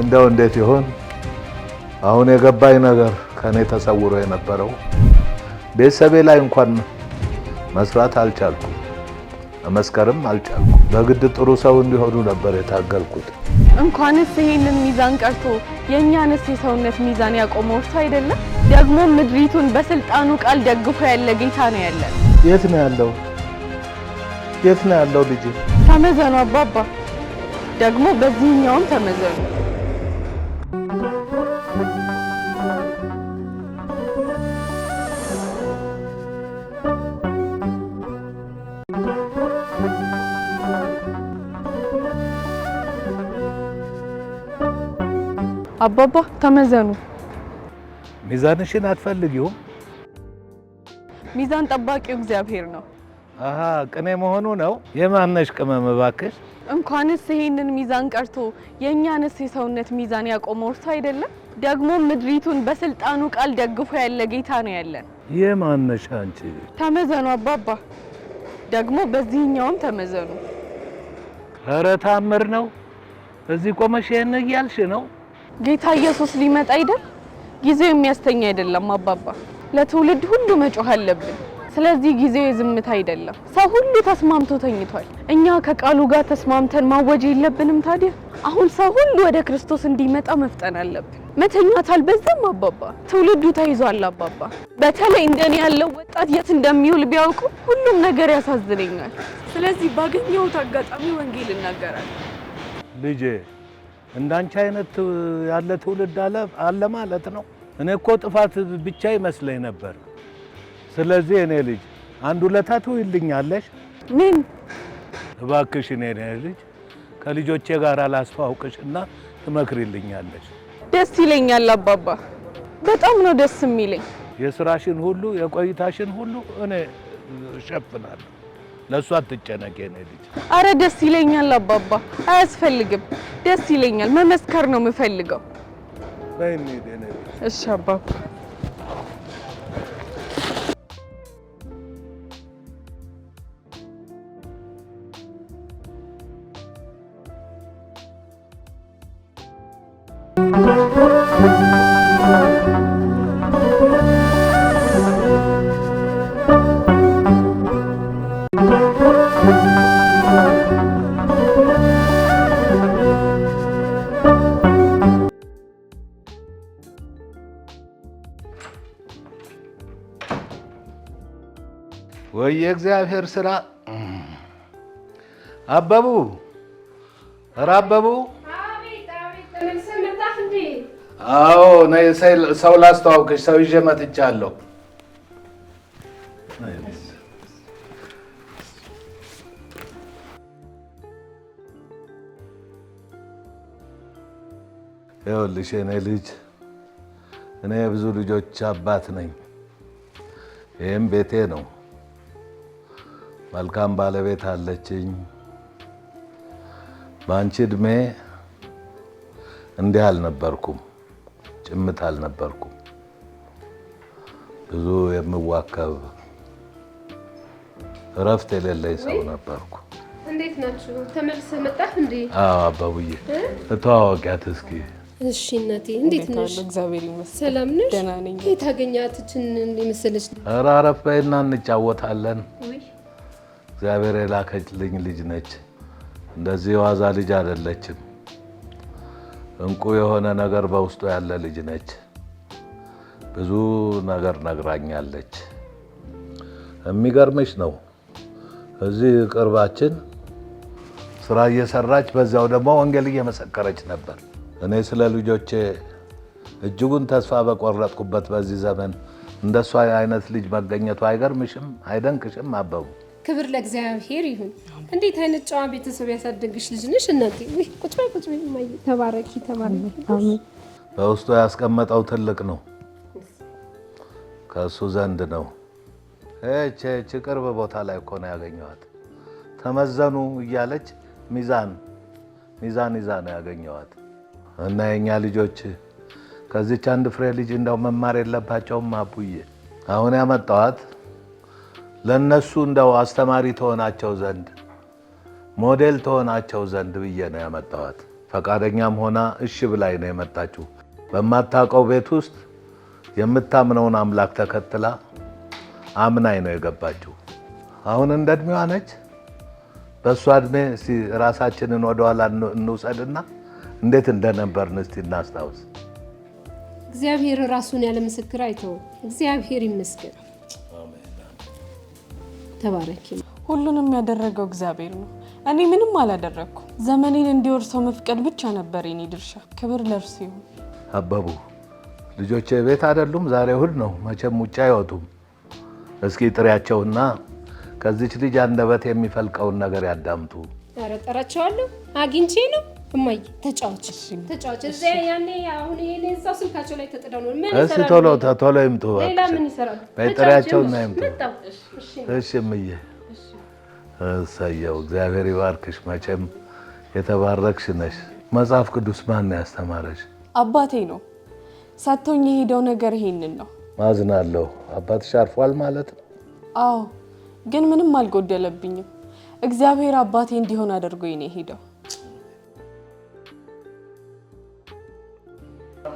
እንደው እንዴት ይሆን አሁን የገባኝ ነገር ከኔ ተሰውሮ የነበረው ቤተሰቤ ላይ እንኳን መስራት አልቻልኩ መመስከርም አልቻልኩ በግድ ጥሩ ሰው እንዲሆኑ ነበር የታገልኩት። እንኳንስ ይሄንን ሚዛን ቀርቶ የእኛንስ የሰውነት ሚዛን ያቆመው እርሱ አይደለም። ደግሞ ምድሪቱን በስልጣኑ ቃል ደግፎ ያለ ጌታ ነው ያለን። የት ነው ያለው? የት ነው ያለው? ልጅ ተመዘኑ አባባ፣ ደግሞ በዚህኛውም ተመዘኑ። አባባ ተመዘኑ። ሚዛንሽን አትፈልጊውም? ሚዛን ጠባቂው እግዚአብሔር ነው። አሀ ቅኔ መሆኑ ነው። የማነሽ ቅመም እባክሽ። እንኳንስ ይሄንን ሚዛን ቀርቶ የእኛንስ የሰውነት ሚዛን ያቆመው እርሱ አይደለም? ደግሞ ምድሪቱን በስልጣኑ ቃል ደግፎ ያለ ጌታ ነው ያለን። የማነሽ አንቺ? ተመዘኑ አባባ፣ ደግሞ በዚህኛውም ተመዘኑ። ኧረ ታምር ነው። እዚህ ቆመሽ ይህን እያልሽ ነው? ጌታ ኢየሱስ ሊመጣ አይደል? ጊዜው የሚያስተኛ አይደለም አባባ። ለትውልድ ሁሉ መጮህ አለብን። ስለዚህ ጊዜው የዝምታ አይደለም። ሰው ሁሉ ተስማምቶ ተኝቷል። እኛ ከቃሉ ጋር ተስማምተን ማወጅ የለብንም ታዲያ? አሁን ሰው ሁሉ ወደ ክርስቶስ እንዲመጣ መፍጠን አለብን። መተኛታል በዛም አባባ፣ ትውልዱ ተይዟል አባባ። በተለይ እንደኔ ያለው ወጣት የት እንደሚውል ቢያውቁ ሁሉም ነገር ያሳዝነኛል። ስለዚህ ባገኘሁት አጋጣሚ ወንጌል እናገራል። ልጄ እንዳንቺ አይነት ያለ ትውልድ አለ ማለት ነው እኔ እኮ ጥፋት ብቻ ይመስለኝ ነበር። ስለዚህ እኔ ልጅ አንድ ውለታ ትውይልኛለሽ? ምን? እባክሽ እኔ ልጅ ከልጆቼ ጋር ላስተዋውቅሽና ትመክሪልኛለሽ። ደስ ይለኛል አባባ፣ በጣም ነው ደስ የሚለኝ። የስራሽን ሁሉ የቆይታሽን ሁሉ እኔ እሸፍናለሁ። ለእሱ አትጨነቂ የኔ ልጅ። አረ ደስ ይለኛል አባባ፣ አያስፈልግም። ደስ ይለኛል። መመስከር ነው የምፈልገው በይ እንሂድ። እሺ አባባ የእግዚአብሔር ስራ አበቡ ራበቡ አበቡ አዎ ሰው ላስተዋውቅሽ ሰው ይዤ መጥቻለሁ ይኸውልሽ እኔ ልጅ እኔ የብዙ ልጆች አባት ነኝ ይህም ቤቴ ነው መልካም ባለቤት አለችኝ። በአንቺ ዕድሜ እንዲህ አልነበርኩም፣ ጭምት አልነበርኩም። ብዙ የምዋከብ እረፍት የሌለኝ ሰው ነበርኩ። እንዴት ናችሁ? ተመልሰህ መጣህ እንዴ? አዎ አባቡዬ፣ እተዋወቂያት እስኪ። እሺ እናቴ፣ እንዴት ነሽ? እግዚአብሔር ይመስገን። ሰላም ነሽ? ደህና ነኝ። የት አገኘሃት? እችን የመሰለች ኧረ፣ አረፍ በይና እንጫወታለን። እግዚአብሔር የላከችልኝ ልጅ ነች። እንደዚህ የዋዛ ልጅ አይደለችም። እንቁ የሆነ ነገር በውስጡ ያለ ልጅ ነች። ብዙ ነገር ነግራኛለች። የሚገርምሽ ነው እዚህ ቅርባችን ስራ እየሰራች በዚያው ደግሞ ወንጌል እየመሰከረች ነበር። እኔ ስለ ልጆቼ እጅጉን ተስፋ በቆረጥኩበት በዚህ ዘመን እንደሷ አይነት ልጅ መገኘቱ አይገርምሽም? አይደንቅሽም? አበቡ ክብር ለእግዚአብሔር ይሁን። እንዴት አይነት ጨዋ ቤተሰብ ያሳደግሽ ልጅ ነሽ እናቴ። ቁጭ በይ ቁጭ በይ ተባረኪ ተባረኪ። በውስጡ ያስቀመጠው ትልቅ ነው፣ ከእሱ ዘንድ ነው። እች ቅርብ ቦታ ላይ እኮ ነው ያገኘዋት። ተመዘኑ እያለች ሚዛን ሚዛን ይዛ ነው ያገኘዋት። እና የእኛ ልጆች ከዚች አንድ ፍሬ ልጅ እንደው መማር የለባቸውም አቡዬ አሁን ያመጣዋት ለእነሱ እንደው አስተማሪ ትሆናቸው ዘንድ ሞዴል ትሆናቸው ዘንድ ብዬ ነው ያመጣኋት። ፈቃደኛም ሆና እሺ ብላኝ ነው የመጣችው። በማታውቀው ቤት ውስጥ የምታምነውን አምላክ ተከትላ አምናኝ ነው የገባችው። አሁን እንደ እድሜዋ ነች። በእሷ እድሜ እስቲ ራሳችንን ወደኋላ እንውሰድና እንዴት እንደነበርን እስቲ እናስታውስ። እግዚአብሔር ራሱን ያለ ምስክር አይተው። እግዚአብሔር ይመስገን። ተባረኪ። ሁሉንም ያደረገው እግዚአብሔር ነው። እኔ ምንም አላደረግኩ። ዘመኔን እንዲወርሰው መፍቀድ ብቻ ነበር የኔ ድርሻ። ክብር ለእርሱ ይሁን። አበቡ ልጆች ቤት አይደሉም? ዛሬ ሁል ነው፣ መቼም ውጭ አይወጡም። እስኪ ጥሪያቸውና ከዚች ልጅ አንደበት የሚፈልቀውን ነገር ያዳምጡ። ኧረ ጠራቸዋለሁ፣ አግኝቼ ነው እማዬ ተጫዋች ተጫዋች እዚያ ያኔ አሁን ይሄን እዛው ስልካቸው ላይ ተጥደው ነው ምን ይሰራሉ? ቶሎ ቶሎ ይምጡ። ሌላ ምን ይሰራሉ? በጥሪያቸው እና ይምጡ። እሺ እምዬ እሰየው። እግዚአብሔር ይባርክሽ። መቼም የተባረክሽ ነሽ። መጽሐፍ ቅዱስ ማን ነው ያስተማረሽ? አባቴ ነው ሰጥቶኝ የሄደው ነገር ይሄንን ነው። ማዝናለሁ። አባትሽ አርፏል ማለት ነው? አዎ፣ ግን ምንም አልጎደለብኝም። እግዚአብሔር አባቴ እንዲሆን አድርጎኝ ነው የሄደው።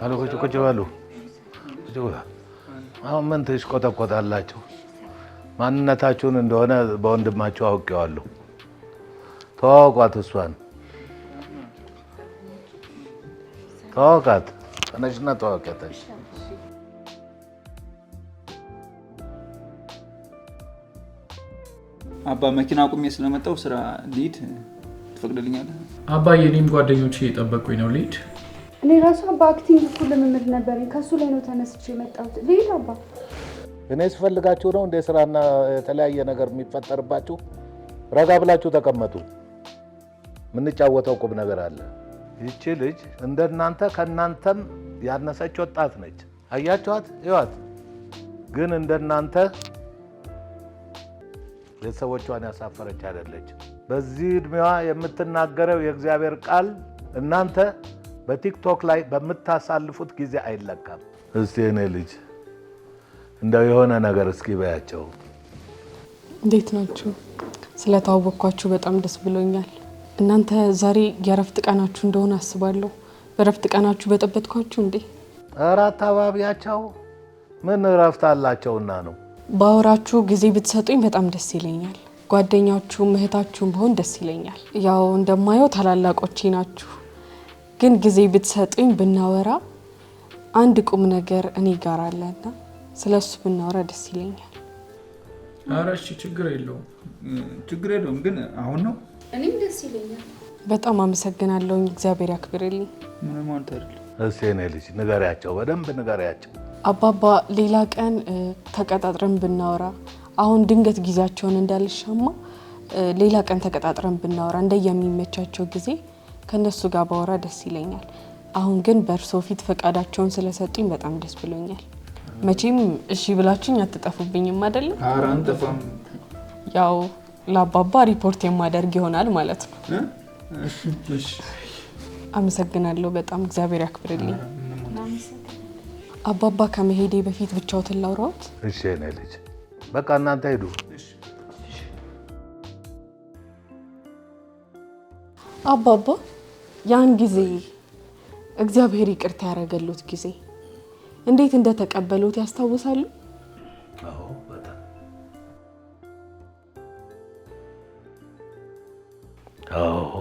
አሉ ቁጭ በሉ አሁን ምን ትሽቆጠቆጣላችሁ? ማንነታችሁን እንደሆነ በወንድማችሁ አውቄዋለሁ። ተዋወቋት፣ እሷን ተዋወቃት። ተነሽና ተዋወቂያት። አባ መኪና አቁሜ ስለመጣሁ ስራ ልሂድ፣ ትፈቅድልኛለህ? አባ የኔም ጓደኞች እየጠበቁኝ ነው፣ ልሂድ እኔ ራሷ በአክቲንግ እኮ ልምምድ ነበረኝ። ከእሱ ላይ ነው ተነስቼ የመጣሁት። ሌላ አባ እኔ ስፈልጋችሁ ነው እንደ ስራና የተለያየ ነገር የሚፈጠርባችሁ። ረጋ ብላችሁ ተቀመጡ። የምንጫወተው ቁም ነገር አለ። ይቺ ልጅ እንደ እናንተ ከእናንተም ያነሰች ወጣት ነች። አያችኋት፣ ይዋት ግን እንደ እናንተ ቤተሰቦቿን ያሳፈረች አይደለች። በዚህ ዕድሜዋ የምትናገረው የእግዚአብሔር ቃል እናንተ በቲክቶክ ላይ በምታሳልፉት ጊዜ አይለካም። እስቲ እኔ ልጅ እንደው የሆነ ነገር እስኪ በያቸው። እንዴት ናችሁ? ስለተዋወቅኳችሁ በጣም ደስ ብሎኛል። እናንተ ዛሬ የእረፍት ቀናችሁ እንደሆነ አስባለሁ። በእረፍት ቀናችሁ በጠበጥኳችሁ እንዴ? ኧረ አታባቢያቸው ምን እረፍት አላቸውና ነው። ባውራችሁ ጊዜ ብትሰጡኝ በጣም ደስ ይለኛል። ጓደኛችሁ እህታችሁም በሆን ደስ ይለኛል። ያው እንደማየው ታላላቆቼ ናችሁ። ግን ጊዜ ብትሰጡኝ ብናወራ አንድ ቁም ነገር እኔ ጋር አለና ስለ እሱ ብናወራ ደስ ይለኛል። ኧረ እሺ፣ ችግር የለውም ችግር የለውም። ግን አሁን ነው እኔም ደስ ይለኛል። በጣም አመሰግናለሁኝ። እግዚአብሔር ያክብርልኝ። ምንም አንተ አይደለም። እሺ፣ ልጅ ንገሪያቸው፣ በደንብ ንገሪያቸው። አባባ ሌላ ቀን ተቀጣጥረን ብናወራ አሁን ድንገት ጊዜያቸውን እንዳልሻማ ሌላ ቀን ተቀጣጥረን ብናወራ እንደየሚመቻቸው ጊዜ ከእነሱ ጋር ባወራ ደስ ይለኛል። አሁን ግን በእርሶ ፊት ፈቃዳቸውን ስለሰጡኝ በጣም ደስ ብሎኛል። መቼም እሺ ብላችሁኝ አትጠፉብኝም አይደለም? ኧረ አንጠፋም። ያው ለአባባ ሪፖርት የማደርግ ይሆናል ማለት ነው። አመሰግናለሁ በጣም እግዚአብሔር ያክብርልኝ። አባባ ከመሄዴ በፊት ብቻዎትን ላውራዎት? እሺ የእኔ ልጅ በቃ እናንተ ሄዱ? አባባ ያን ጊዜ እግዚአብሔር ይቅርታ ያደረገሎት ጊዜ እንዴት እንደተቀበሉት ያስታውሳሉ? አዎ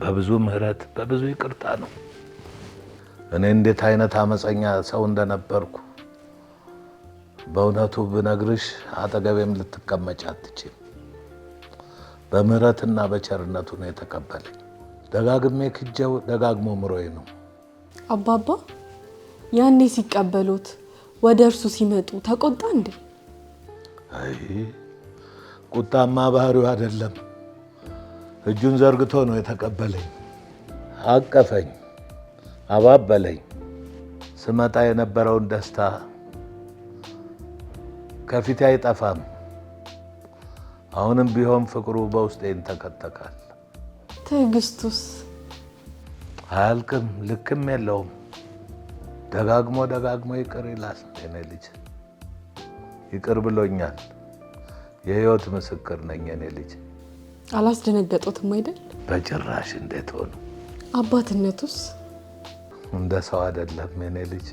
በብዙ ምሕረት በብዙ ይቅርታ ነው። እኔ እንዴት አይነት አመፀኛ ሰው እንደነበርኩ በእውነቱ ብነግርሽ አጠገቤም ልትቀመጭ አትችም። በምሕረትና በቸርነቱ ነው የተቀበለኝ። ደጋግሜ ክጀው ደጋግሞ ምሮዬ ነው። አባባ ያኔ ሲቀበሉት ወደ እርሱ ሲመጡ ተቆጣ እንዴ? አይ ቁጣማ ባህሪው አይደለም። እጁን ዘርግቶ ነው የተቀበለኝ። አቀፈኝ፣ አባበለኝ። ስመጣ የነበረውን ደስታ ከፊቴ አይጠፋም። አሁንም ቢሆን ፍቅሩ በውስጤን ተከተካል። ትዕግስቱስ አያልቅም፣ ልክም የለውም። ደጋግሞ ደጋግሞ ይቅር ይላል። የኔ ልጅ ይቅር ብሎኛል። የህይወት ምስክር ነኝ። የኔ ልጅ አላስደነገጡትም አይደል? በጭራሽ። እንዴት ሆኑ? አባትነቱስ እንደ ሰው አይደለም። የኔ ልጅ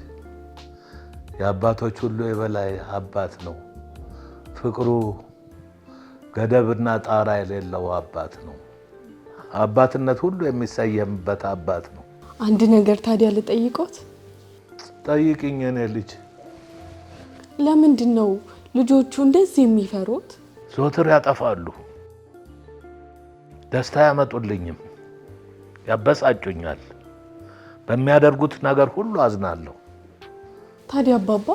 የአባቶች ሁሉ የበላይ አባት ነው። ፍቅሩ ገደብና ጣራ የሌለው አባት ነው። አባትነት ሁሉ የሚሰየምበት አባት ነው። አንድ ነገር ታዲያ ልጠይቆት? ጠይቅኝ የኔ ልጅ። ለምንድን ነው ልጆቹ እንደዚህ የሚፈሩት? ዞትር ያጠፋሉ፣ ደስታ ያመጡልኝም፣ ያበሳጩኛል። በሚያደርጉት ነገር ሁሉ አዝናለሁ። ታዲያ አባባ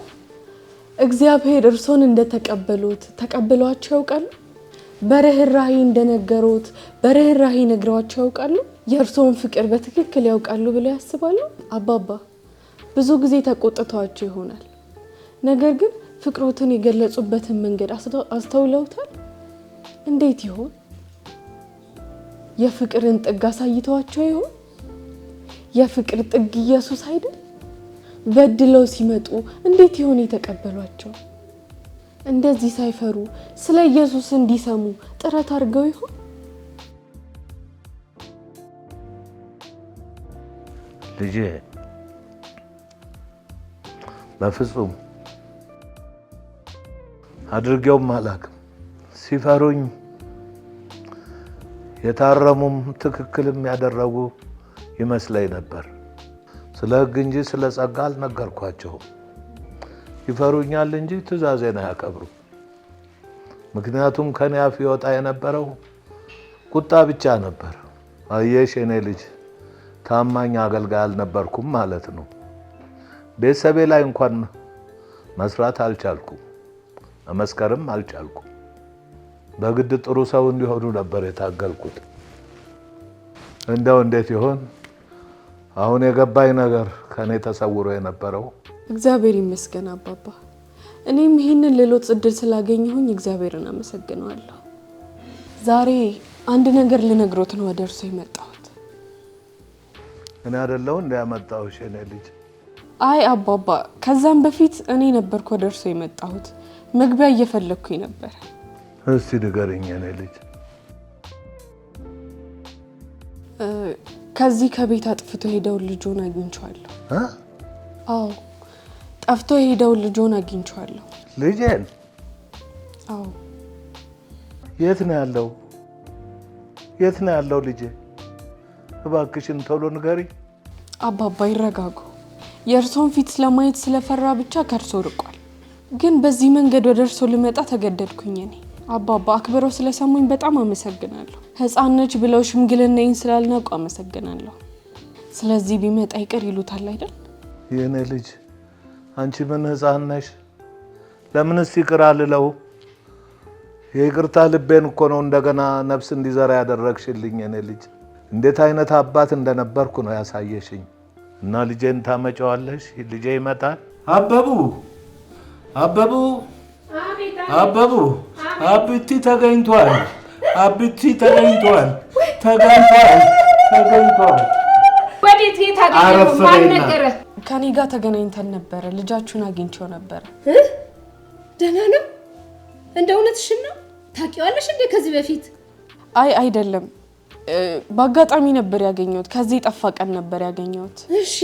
እግዚአብሔር እርሶን እንደተቀበሉት ተቀብሏቸው ያውቃሉ? በርህራሄ እንደነገሩት በርህራሄ ነግረዋቸው ያውቃሉ? የእርስዎን ፍቅር በትክክል ያውቃሉ ብለው ያስባሉ? አባባ ብዙ ጊዜ ተቆጥተዋቸው ይሆናል። ነገር ግን ፍቅሮትን የገለጹበትን መንገድ አስተውለውታል? እንዴት ይሆን? የፍቅርን ጥግ አሳይተዋቸው ይሆን? የፍቅር ጥግ ኢየሱስ አይደል? በድለው ሲመጡ እንዴት ይሆን የተቀበሏቸው? እንደዚህ ሳይፈሩ ስለ ኢየሱስ እንዲሰሙ ጥረት አድርገው ይሆን? ልጄ በፍጹም አድርጌውም አላውቅም። ሲፈሩኝ የታረሙም ትክክልም ያደረጉ ይመስለኝ ነበር። ስለ ሕግ እንጂ ስለ ጸጋ አልነገርኳቸውም። ይፈሩኛል እንጂ ትእዛዜን አያከብሩ። ምክንያቱም ከኔ አፍ ይወጣ የነበረው ቁጣ ብቻ ነበር። አየሽ የኔ ልጅ ታማኝ አገልጋይ አልነበርኩም ማለት ነው። ቤተሰቤ ላይ እንኳን መስራት አልቻልኩም፣ መመስከርም አልቻልኩም። በግድ ጥሩ ሰው እንዲሆኑ ነበር የታገልኩት። እንደው እንዴት ይሆን አሁን የገባኝ ነገር ከእኔ ተሰውሮ የነበረው እግዚአብሔር ይመስገን አባባ። እኔም ይህንን ሌሎት እድል ስላገኘሁኝ እግዚአብሔርን አመሰግነዋለሁ። ዛሬ አንድ ነገር ልነግሮት ነው ወደ እርሶ የመጣሁት። እኔ አይደለሁ እንደ ያመጣሁሽ የእኔ ልጅ። አይ አባባ፣ ከዛም በፊት እኔ ነበርኩ ወደ እርሶ የመጣሁት። መግቢያ እየፈለግኩኝ ነበር። እስቲ ንገሪኝ የእኔ ልጅ። ከዚህ ከቤት አጥፍቶ ሄደውን ልጆን አግኝቼዋለሁ። አዎ ጠፍቶ የሄደውን ልጆን አግኝቼዋለሁ። ልጄን? አዎ። የት ነው ያለው? የት ነው ያለው ልጄ? እባክሽን ቶሎ ንገሪ። አባባ ይረጋጉ። የእርሶን ፊት ስለማየት ስለፈራ ብቻ ከእርሶ ርቋል። ግን በዚህ መንገድ ወደ እርሶ ልመጣ ተገደድኩኝ። እኔ አባባ አክብረው ስለሰሙኝ በጣም አመሰግናለሁ። ሕፃን ነች ብለው ሽምግልናዬን ስላልናቁ አመሰግናለሁ። ስለዚህ ቢመጣ ይቅር ይሉታል አይደል? የእኔ ልጅ አንቺ ምን ሕፃን ነሽ? ለምንስ ይቅር አልለው? የይቅርታ ልቤን እኮ ነው እንደገና ነፍስ እንዲዘራ ያደረግሽልኝ። እኔ ልጅ እንዴት አይነት አባት እንደነበርኩ ነው ያሳየሽኝ። እና ልጄን ታመጫዋለሽ? ልጄ ይመጣል። አበቡ አበቡ አበቡ አብቲ ተገኝቷል። አብቲ ተገኝቷል። ተገኝቷል። ተገኝቷል። ወዴት? የት ማን ነገረህ? ከኔ ጋር ተገናኝተን ነበረ። ልጃችሁን አግኝቼው ነበረ። ደህና ነው? እንደ እውነትሽን ነው? ታውቂዋለሽ እንዴ ከዚህ በፊት? አይ አይደለም፣ በአጋጣሚ ነበር ያገኘሁት። ከዚህ የጠፋ ቀን ነበር ያገኘሁት። እሺ፣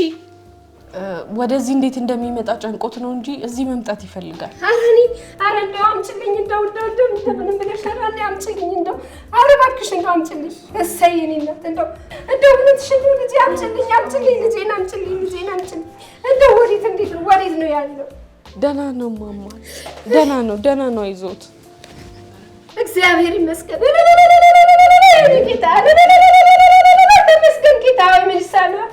ወደዚህ እንዴት እንደሚመጣ ጨንቆት ነው እንጂ እዚህ መምጣት ይፈልጋል። ኧረ እኔ እንደው አምጪልኝ፣ እንደው እንደው እንደው እንደምንም ብለሽ ኧረ እኔ እንደው ኧረ እባክሽ እንደው አምጪልኝ። እሰይ እኔ እናት እንደው እባክሽ ልጄ አምጪልኝ አምጪልኝ ልጄን አምጪልኝ ልጄን አምጪልኝ። እንደው ወዴት እንዴት ነው ወዴት ነው ያለው? ደህና ነው ማማ፣ ደህና ነው ደህና ነው። አይዞት እግዚአብሔር ይመስገን። ተመስገን ጌታ ወይ ምን ይሳናል?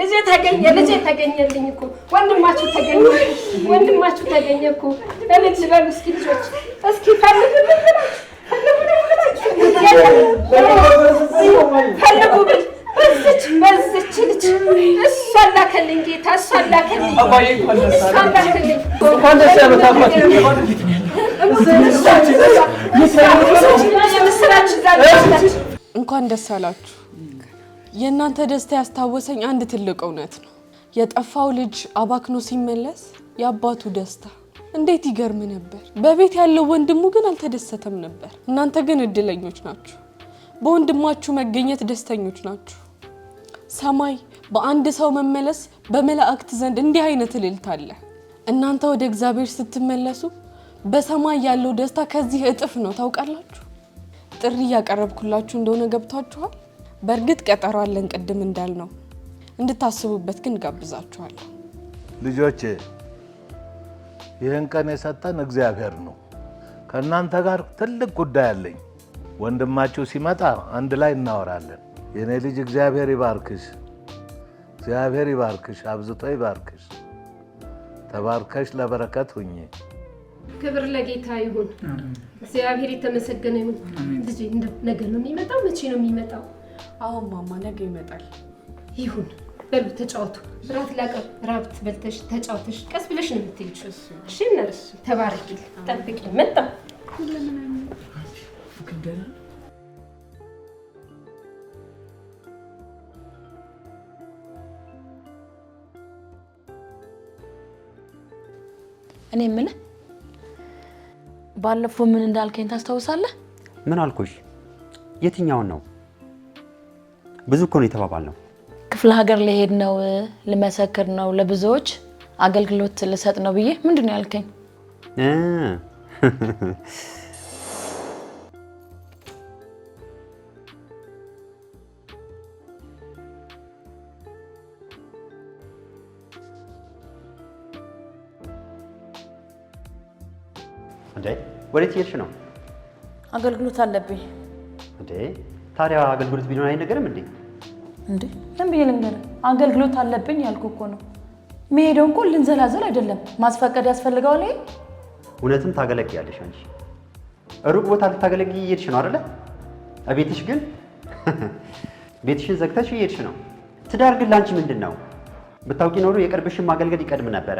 ልጄ ተገኘ፣ ልጄ ተገኘልኝ እኮ ወንድማችሁ ተገኘ፣ ወንድማችሁ ተገኘ እኮ ለልጅ በሉ እስኪ ልጆች እስኪ ፈልጉ በዝች በዝች ልጅ እሷ ላከልኝ ጌታ፣ እሷ ላከልኝ፣ እንኳን ደስ አላችሁ። የእናንተ ደስታ ያስታወሰኝ አንድ ትልቅ እውነት ነው። የጠፋው ልጅ አባክኖ ሲመለስ የአባቱ ደስታ እንዴት ይገርም ነበር። በቤት ያለው ወንድሙ ግን አልተደሰተም ነበር። እናንተ ግን እድለኞች ናችሁ። በወንድማችሁ መገኘት ደስተኞች ናችሁ። ሰማይ በአንድ ሰው መመለስ በመላእክት ዘንድ እንዲህ አይነት እልልታ አለ። እናንተ ወደ እግዚአብሔር ስትመለሱ በሰማይ ያለው ደስታ ከዚህ እጥፍ ነው። ታውቃላችሁ። ጥሪ እያቀረብኩላችሁ እንደሆነ ገብቷችኋል። በእርግጥ ቀጠሮ አለን ቅድም እንዳልነው እንድታስቡበት ግን ጋብዛችኋለሁ። ልጆቼ ይህን ቀን የሰጠን እግዚአብሔር ነው። ከእናንተ ጋር ትልቅ ጉዳይ አለኝ። ወንድማችሁ ሲመጣ አንድ ላይ እናወራለን። የእኔ ልጅ እግዚአብሔር ይባርክሽ፣ እግዚአብሔር ይባርክሽ፣ አብዝቶ ይባርክሽ። ተባርከሽ ለበረከት ሁኚ። ክብር ለጌታ ይሁን። እግዚአብሔር የተመሰገነ ይሁን። ልጄ ነገ ነው የሚመጣው? መቼ ነው የሚመጣው? አሁን ማማ ነገ ይመጣል። ይሁን በሉ ተጫወቱ። ራት ላቀብ ራብት በልተሽ ተጫውተሽ ቀስ ብለሽ ነው የምትሄጂው። እሺ እነርሱ ተባረኪ፣ ጠብቂ። መጣ እኔ ምን ባለፈው ምን እንዳልከኝ ታስታውሳለህ? ምን አልኩሽ? የትኛውን ነው ብዙ እኮ ነው የተባባል ነው። ክፍለ ሀገር ልሄድ ነው፣ ልመሰክር ነው፣ ለብዙዎች አገልግሎት ልሰጥ ነው ብዬ ምንድን ነው ያልከኝ? ወዴት እየሄድሽ ነው? አገልግሎት አለብኝ። ታዲያ አገልግሎት ቢሆን አይነገርም እንዴ? እንዴ ምን ብዬ ልንገርህ? አገልግሎት አለብኝ ያልኩ እኮ ነው። መሄደው እኮ ልንዘላዘል አይደለም፣ ማስፈቀድ ያስፈልገዋል። ይሄ እውነትም ታገለግያለሽ አንቺ። ሩቅ ቦታ ልታገለግ እየሄድሽ ነው አይደለ? ቤትሽ ግን ቤትሽን ዘግተሽ እየሄድሽ ነው። ትዳር ግን ምንድነው ምንድን ነው? ብታውቂ ኖሮ የቅርብሽን ማገልገል ይቀድም ነበረ።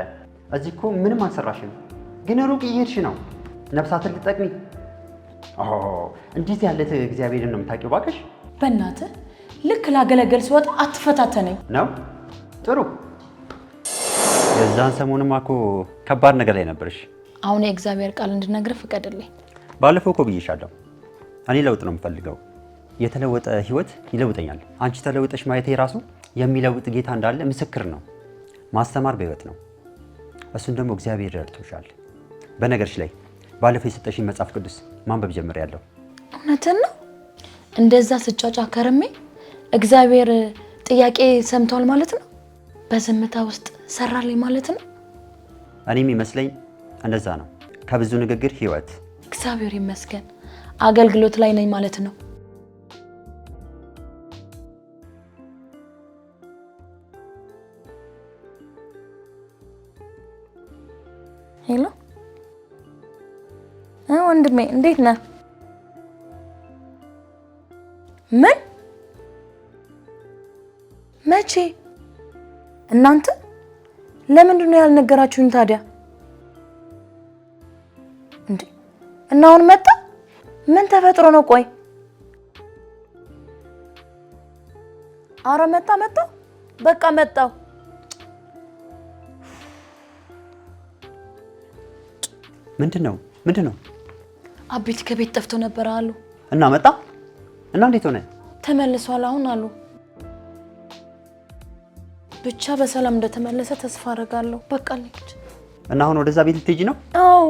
እዚህ እኮ ምንም አልሰራሽም፣ ግን ሩቅ እየሄድሽ ነው። ነፍሳትን ልጠቅሚ እንዴት ያለት እግዚአብሔርን ነው የምታውቂው? እባክሽ በእናትህ ልክ ላገለገል ሲወጣ አትፈታተነኝ ነው። ጥሩ። የዛን ሰሞኑማ እኮ ከባድ ነገር ላይ ነበርሽ። አሁን የእግዚአብሔር ቃል እንድነግር ፍቀድልኝ። ባለፈው እኮ ብዬሻለሁ፣ እኔ ለውጥ ነው የምፈልገው። የተለወጠ ህይወት ይለውጠኛል። አንቺ ተለውጠሽ ማየቴ ራሱ የሚለውጥ ጌታ እንዳለ ምስክር ነው። ማስተማር በህይወት ነው። እሱን ደግሞ እግዚአብሔር ረድቶሻል። በነገርሽ ላይ ባለፈው የሰጠሽኝ መጽሐፍ ቅዱስ ማንበብ ጀምሬያለሁ። እውነትን ነው። እንደዛ ስጫጫ ከርሜ እግዚአብሔር ጥያቄ ሰምቷል ማለት ነው። በዝምታ ውስጥ ሰራልኝ ማለት ነው። እኔም ይመስለኝ እንደዛ ነው። ከብዙ ንግግር ህይወት። እግዚአብሔር ይመስገን አገልግሎት ላይ ነኝ ማለት ነው። ሄሎ ወንድሜ እንዴት ነህ? ምን መቼ? እናንተ ለምንድን ነው ያልነገራችሁኝ ታዲያ? እንዴ እና አሁን መጣ? ምን ተፈጥሮ ነው? ቆይ አረ መጣ መጣ፣ በቃ መጣው። ምንድን ነው ምንድን ነው? አቤት ከቤት ጠፍቶ ነበር አሉ እና መጣ እና እንዴት ሆነ? ተመልሷል አሁን አሉ ብቻ በሰላም እንደተመለሰ ተስፋ አደርጋለሁ። በቃ እና አሁን ወደዛ ቤት ልትሄጂ ነው? አዎ